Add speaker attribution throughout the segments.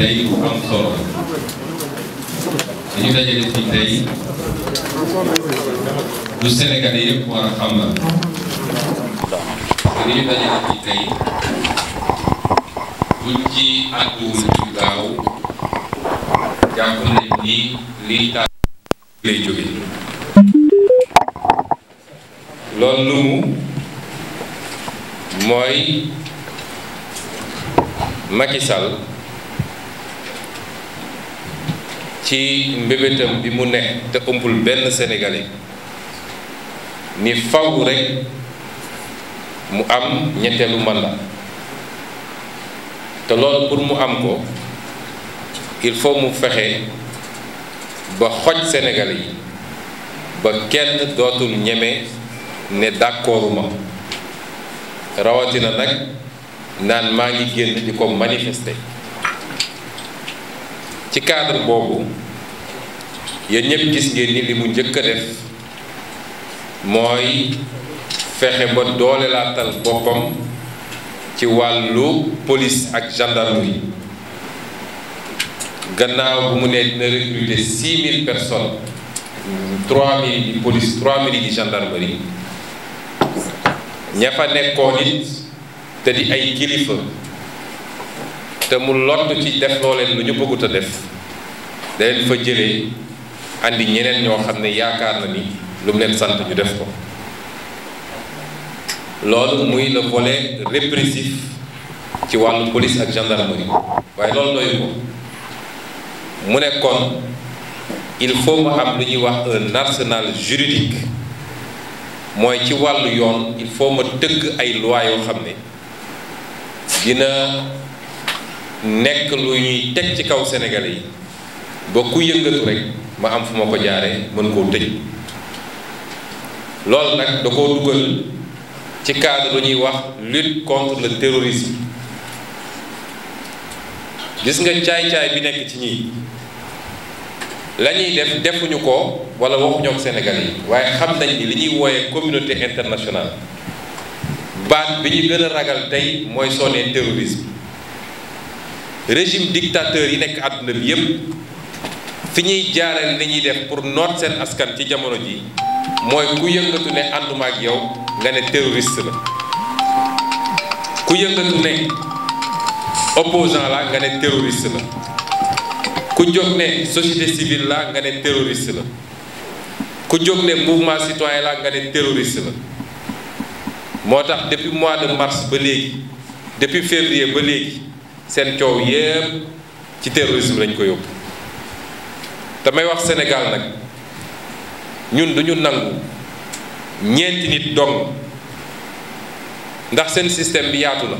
Speaker 1: tey bu dajale fii tey lu Sénégalais yëpp war xam la te ñu dajale fii tey buñ ci àdduwul ci gaaw jàpp ni liy taal lay jóge loolu mooy Macky ci mbébétam bi mu ne te ëmpul benn sénégalais ni faw rek mu am ñetteelu mandat te loolu pour mu am ko il faut mu fexe ba xoj sénégalais yi ba kenn dootul ñeme ne d'accorduma rawatina nag naan maa ngi génn di ko manifester ci cadre boobu yéen ñëpp gis ngeen ni li mu njëkk def mooy fexe ba doole laatal boppam ci wàllu polis ak gendarmerie gannaaw bu mu ne dina recruter 6000 personnes 3000 di police 3000 di gendarmerie ña fa nekkoon it te di ay kilifa. te mu lott ci def loo leen lu ñu bëggut a def da leen fa jëlee andi ñeneen ñoo xam ne yaakaar na ni lu mu leen sant ñu def ko loolu muy le volet répressif ci wàllu police ak gendarmerie waaye loolu doyu ko mu nekkoon il faut mu am lu ñuy wax un juridique mooy ci wàllu yoon il faut ma tëgg ay loi yoo xam ne dina nekk lu ñuy teg ci kaw Sénégalais yi ba ku yëngatu rek ma am fu ma ko jaaree mën koo tëj loolu nag da koo dugal ci cadre lu ñuy wax lutte contre le terrorisme gis nga caay-caay bi nekk ci ñii la ñuy def defuñu ko walla waxuñoo ak Sénégalais yi waaye xam nañ li ñuy wooyee communauté internationale baat bi ñu gën a ragal tey mooy sonnee terrorisme régime dictateur yi nekk àdduna bi yépp fi ñuy jaarale ni ñuy def pour noot seen askan ci jamono ji mooy ku yëngatu ne ànduma ak yow nga ne terroriste la ku yëngatu ne opposant la nga ne terroriste la ku jóg ne société civile la nga ne terroriste la ku jóg ne mouvement citoyen la nga ne terroriste la moo tax depuis mois de mars ba léegi depuis février ba léegi seen coow yépp ci terrorisme lañ ko yóbbu damay wax Sénégal nag ñun duñu nangu ñeenti nit dong ndax seen système bi yaatu na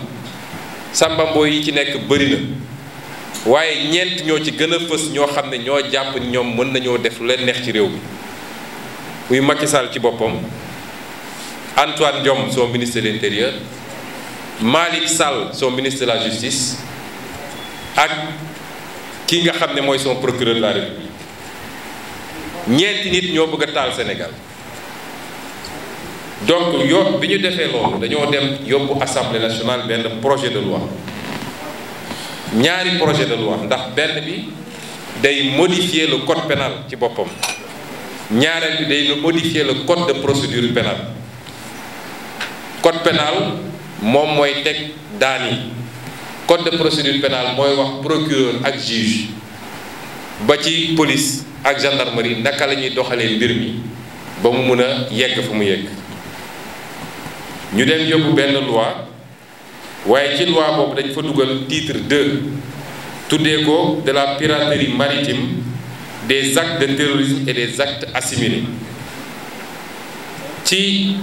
Speaker 1: sàmbamboo yi ci nekk bëri na waaye ñeent ñoo ci gën a fës ñoo xam ne ñoo jàpp ñoom mën nañoo def lu leen neex ci réew mi muy Macky Sall ci boppam Antoine Diome son ministre de l'intérieur Malick Sall son ministre la justice ak ki nga xam ne mooy son procureur la république ñeenti nit ñoo bëgg a taal Sénégal donc yo bi ñu defee loolu dañoo dem yóbbu assemblée nationale benn projet de loi ñaari projet de loi ndax benn bi day modifier le code pénal ci boppam ñaareel bi day modifier le code de procédure pénale code pénal moom mooy teg daan code de procédure pénale mooy wax procureur ak juge ba ci police ak gendarmerie naka lañuy ñuy doxalee mbir mi ba mu mun a yegg fa mu yegg ñu dem yóbbu benn loi waaye ci loi boobu dañ fa dugal titre 2 tuddee ko de la piraterie maritime des actes de terrorisme et des actes assimilés ci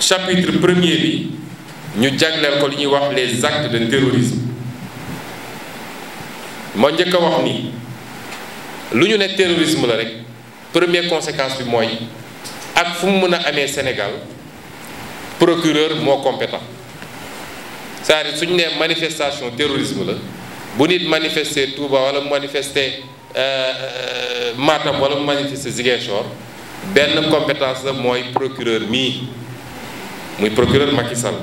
Speaker 1: chapitre premier bi ñu jagleel ko li ñuy wax les actes de terrorisme moo njëkk a wax ni lu ñu ne terrorisme la rek premier conséquence bi mooy ak fu mu mën a amee Sénégal procureur moo compétent c'est-à-dire suñu nee manifestation terrorisme la bu nit manifester Touba wala mu manifester euh, euh, Matam wala mu manifester Ziguinchor benn compétence la mooy procureur mii muy procureur Macky Sall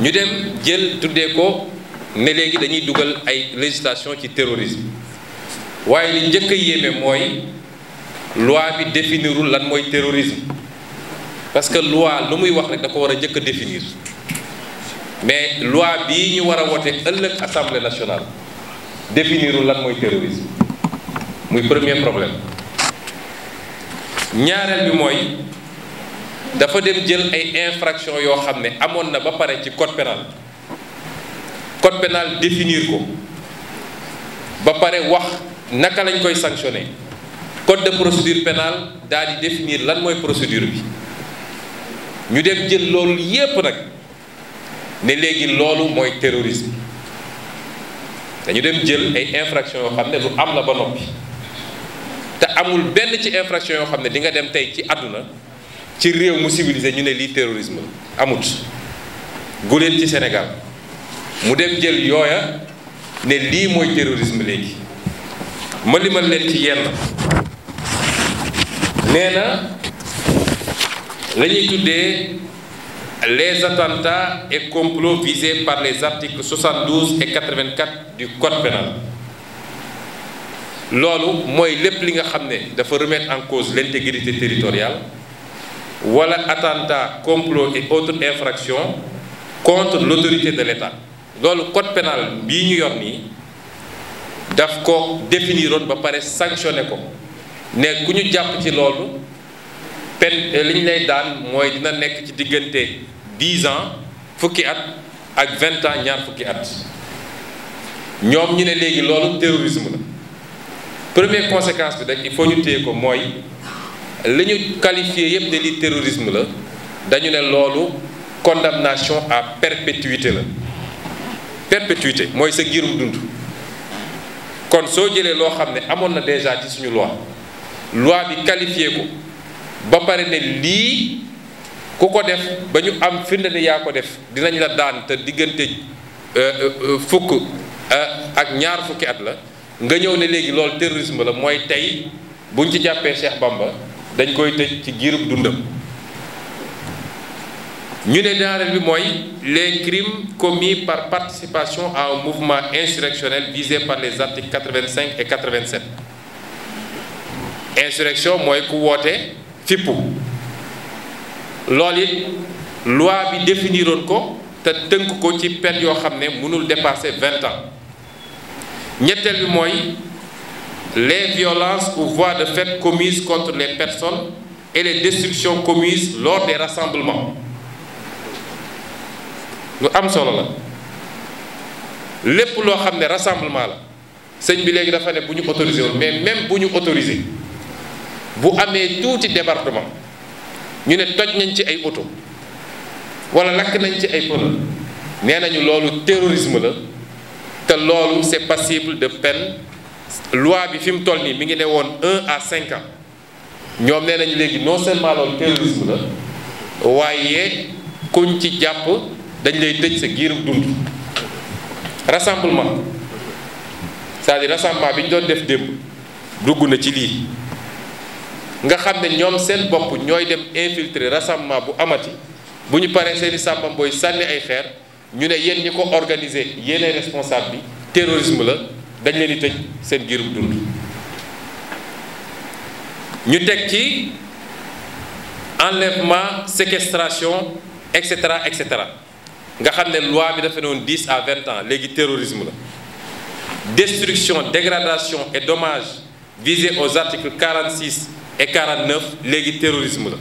Speaker 1: ñu dem jël tuddee ko. ne léegi dañuy dugal ay législation ci terrorisme waaye li njëkk a yéeme mooy loi bi définirul lan mooy terrorisme parce que loi lu muy wax rek da ko war a njëkk a définir mais loi bii ñu war a wote ëllëg assemblée nationale définirul lan mooy terrorisme muy premier problème ñaareel bi mooy dafa dem jël ay infraction yoo xam ne amoon na ba pare ci code pénal code pénal définir ko ba pare wax naka lañ koy sanctionner code de procédure pénale daal di définir lan mooy procédure bi ñu dem jël loolu yépp nag ne léegi loolu mooy terrorisme dañu dem jël ay infraction yoo xam ne lu am la ba noppi te amul benn ci infraction yoo xam ne di nga dem tey ci àdduna ci réew mu civilisé ñu ne lii terrorisme amut guleen ci Sénégal mu dem jël yooya ne lii mooy terrorisme léegi ma limal leen ci yenn nee na la tuddee les attentats et complots visés par les articles 72 et 84 du code pénal loolu mooy lépp li nga xam ne dafa remettre en cause l'intégrité territoriale wala attentat complot et autres infractions contre l'autorité de l'État loolu code pénal bii ñu yor nii daf ko définiroon ba pare sanctionné ko ne ku ñu jàpp ci loolu pen li lay daan mooy dina nekk ci diggante 10 ans fukki at ak 20 ans ñaar fukki at ñoom ñu ne léegi loolu terrorisme la première conséquence bi rek il faut ñu téye ko mooy li ñu qualifié yépp ne li terrorisme la dañu ne loolu condamnation à perpétuité la perpétuité mooy sa girum dund kon soo jëlee loo xam ne amoon na déjà ci suñu loi loi bi qualifié ba pare ne lii ku ko def ba ñu am firnde ne yaa ko def dinañ la daan te diggante euh, euh, fukk euh, ak ñaar fukki at la nga ñëw ne léegi loolu terrorisme la mooy tey buñ ci jàppee Cheikh Bamba dañ koy tëj ci giirub dundam ñu ne ñaareel bi mooy les crimes commis par participation à un mouvement insurrectionnel visé par les articles 85 et 87 insurrection mooy ku woote fippu lool it loi bi définiroon ko te tënk ko ci peine yoo xam ne mënul dépasser vingt ans ñetteel bi mooy les violences ou voies de fait commises contre les personnes et les destructions commises lors des rassemblements lu am solo la lépp loo xam ne rassemblement la sëñ bi léegi dafa ne bu ñu autorisé woon mais même bu ñu autorisé bu amee tuuti département ñu ne toj nañ ci ay oto wala lakk nañ ci ay pneu nee nañu loolu terrorisme la te loolu c'est passible de peine loi bi fi mu toll nii mi ngi ne woon un à cinq ñoom nee nañu léegi non seulement la waaye kuñ ci jàpp dañ lay tëj sa giirub dund rassemblement cest à rassemblement bi ñu doon def démb dugg na ci lii nga xam ne ñoom seen bopp ñooy dem infiltrer rassemblement bu amati bu ñu paree seeni sàmbam booy sànni ay xeer ñu ne yéen ñi ko organiser yéenay responsable bi terrorisme la dañ leen di tëj seen giirub dund ñu teg ci enlèvement séquestration etc etc nga xam ne loi bi dafa ne woon 10 à 20 ans léegi terrorisme la destruction dégradation et dommage visés aux articles 46 et 49 léegi terrorisme la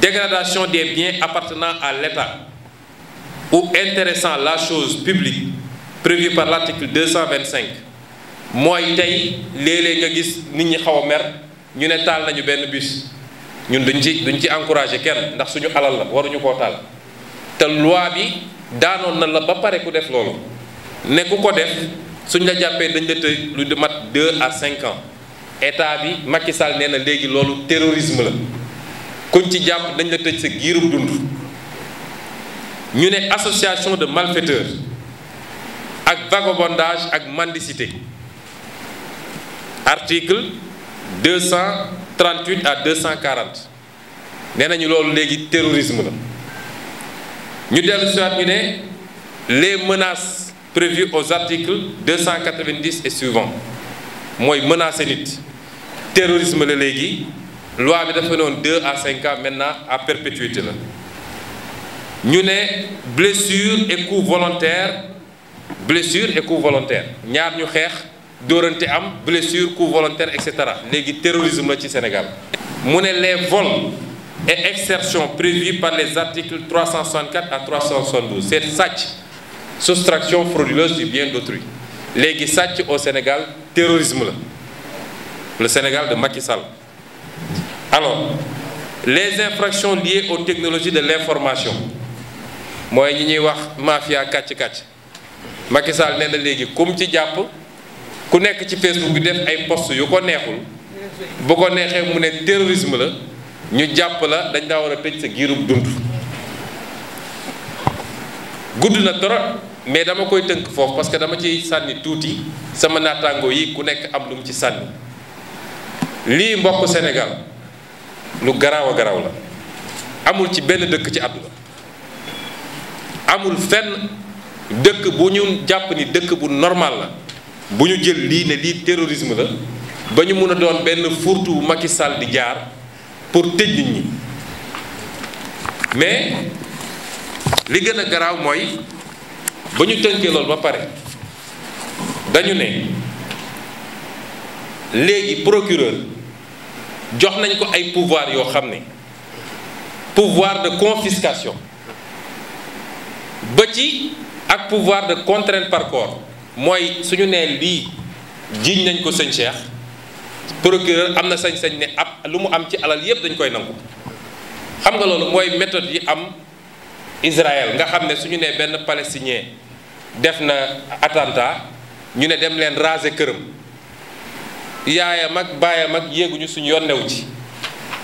Speaker 1: dégradation des biens appartenant à l'État ou intéressant la chose publique prévue par l'article 225 mooy tey léeg-léeg nga gis nit ñi xaw a mer ñu ne taal nañu benn bus ñun duñ ci duñ ci encourager kenn ndax suñu alal la waruñu koo taal te loi bi daanoon na la ba pare ku def loolu ne ku ko def suñ la jàppee dañ la tëj lu mat deux a cinq ans état bi Macky Sall nee na léegi loolu terrorisme la kuñ ci jàpp dañ la tëj sa giirub dund ñu ne association de malfaiteurs ak vagabondage ak mendicité article 238 à quarante nee nañu loolu léegi terrorisme la ñu dellu si waat ne les menaces prévues aux articles 290 et suivants mooy menacer nit terrorisme la léegi loi bi dafa noonu 2 à 5 ans maintenant à perpétuité la ñu ne blessure et coup volontaire blessure et coup volontaire ñaar ñu xeex dóorante am blessure coup volontaire et cetera léegi terrorisme la ci Sénégal mu ne les vols et exceptions prévues par les articles 364 à 372 c'est sàcc soustraction frauduleuse du bien d'autrui léegi sàcc au Sénégal terrorisme la le Sénégal de Macky Sall alors les infractions liées aux technologie de l'information mooy ñi ñuy wax mafia kàcc-kàcc Macky Sall nee léegi kum ci jàpp ku nekk ci Facebook bi def ay post yu ko neexul bu ko neexee mu ne terrorisme la ñu jàpp la dañ daa war a tëj sa giirub dund gudd na torop mais dama koy tënk foofu parce que dama ci sànni tuuti sama naataangoo yi ku nekk am lu mu ci sànni lii mbokk Sénégal lu garaaw a garaaw la amul ci benn dëkk ci àdduna amul fenn dëkk bu ñu jàpp ni dëkk bu normal la bu ñu jël lii ne lii terrorisme la ba ñu mun a doon benn furtu Macky Sall di jaar pour tëj nit ñi mais li gën a garaaw mooy ba ñu tënkee loolu ba pare dañu ne léegi procureur jox nañ ko ay pouvoir yoo xam ne pouvoir de confiscation ba ci ak pouvoir de contrainte par mooy suñu nee lii jiiñ nañ ko sëñ Cheikh procureur am na sañ-sañ ne ab lu mu am ci alal yëpp dañ koy nangu xam nga loolu mooy méthode yi am Israël nga xam ne su ñu nee benn palestinien def na attentat ñu ne dem leen raser këram yaayam ak baayam ak yéeguñu suñ yoon new ci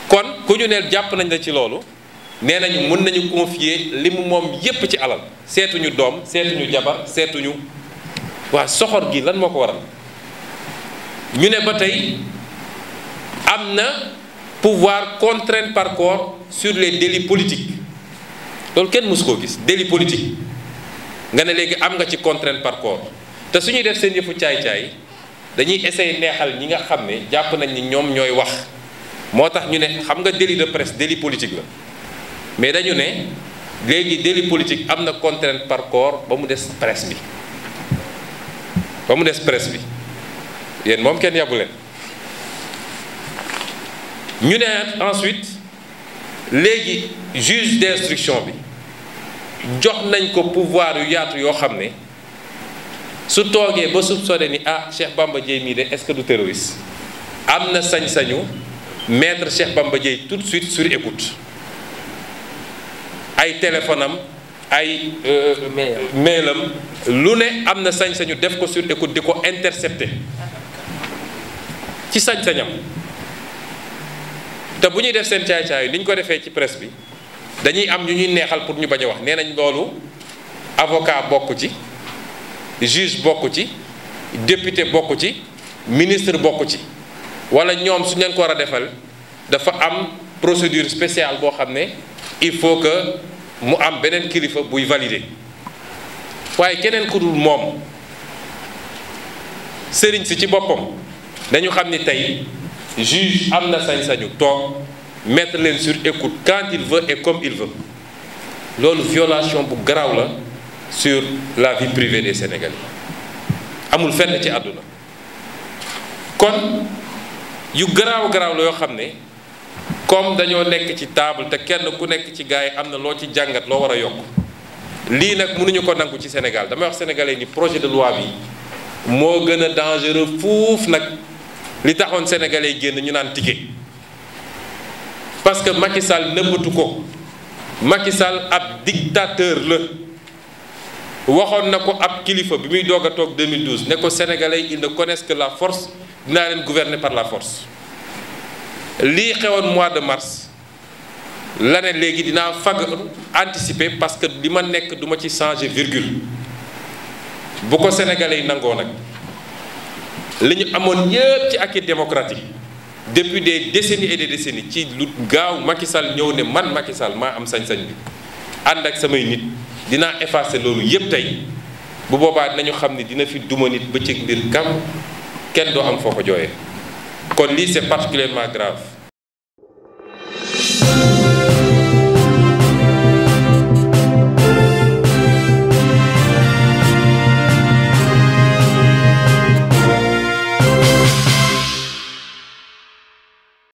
Speaker 1: kon ku ñu ne jàpp nañ la ci loolu nee nañ mun nañu confier li mu moom yépp ci alal seetuñu doom seetuñu jabar seetuñu waa soxor gi lan moo ko waral ñu ne ba tey am na pouvoir contrainte par corps sur les délits politiques loolu kenn mësu koo gis délit politique nga ne léegi am nga ci contrainte par corps te su ñuy def seen yëfu caay-caay dañuy essayer neexal ñi nga xam ne jàpp nañ ni ñoom ñooy wax moo tax ñu ne xam nga délit de presse délit politique la mais dañu ne léegi délit politique am na contrainte par corps ba mu des presse bi ba mu des presse bi yéen moom kenn yàbbu leen ñu ne ensuite léegi juge d'instruction bi jox nañ ko pouvoir yu yaatu yoo xam ne su toogee ba soupçonné ni ah Cheikh Bamba Dièye mii de est-ce que du terroriste am na sañ-sañu mettre Cheikh Bamba Dièye tout de suite sur écoute ay téléphone am ay euh, mail am lu ne am na sañ-sañu def ko sur écoute di ko intercepter ci sañ-sañam te bu ñuy def seen caay-caay ni ñu ko defee ci presse bi dañuy am ñu ñuy neexal pour ñu bañ a wax nee nañ loolu avocat bokk ci juge bokk ci député bokk ci ministre bokk ci wala ñoom su leen ko war a defal dafa am procédure spéciale boo xam ne il faut que mu am beneen kilifa buy valider waaye keneen ku moom sëriñ si ci boppam dañu xam ni tey juge am na sañ-sañu toog mettre leen sur écoute quand il veut et comme il veut loolu violation bu garaaw la sur la vie privée des Sénégalais amul fenn ci àdduna kon yu garaaw garaaw la yoo xam ne comme dañoo nekk ci table te kenn ku nekk ci gars yi am na loo ci jàngat loo war a yokk lii nag mënuñu ko nangu ci Sénégal damay wax sénégalais ni projet de loi bi moo gën a dangereux fuuf nag li taxoon sénégalais yi génn ñu naan ticket parce que Macky Sall nëbbatu ko Macky Sall ab dictateur la waxoon na ko ab kilifa bi muy doog a toog 2012 ne ko sénégalais ils ne connaissent que la force dinaa leen gouverner par la force lii xewoon mois de mars la ne léegi dinaa fagaru anticiper parce que li ma nekk duma ma ci changer virgule bu ko sénégalais yi nangoo nag. li ñu amoon yëpp ci acquis démocratique depuis des décennies et des ci lu gaaw Macky Sall ñëw ne man Macky maa am sañ-sañ bi ànd ak samay nit dinaa effacer loolu yëpp tey bu boobaa nañu xam ne dina fi duma nit bëccëg biir kam kenn doo am foo ko kon lii c'est particulièrement grave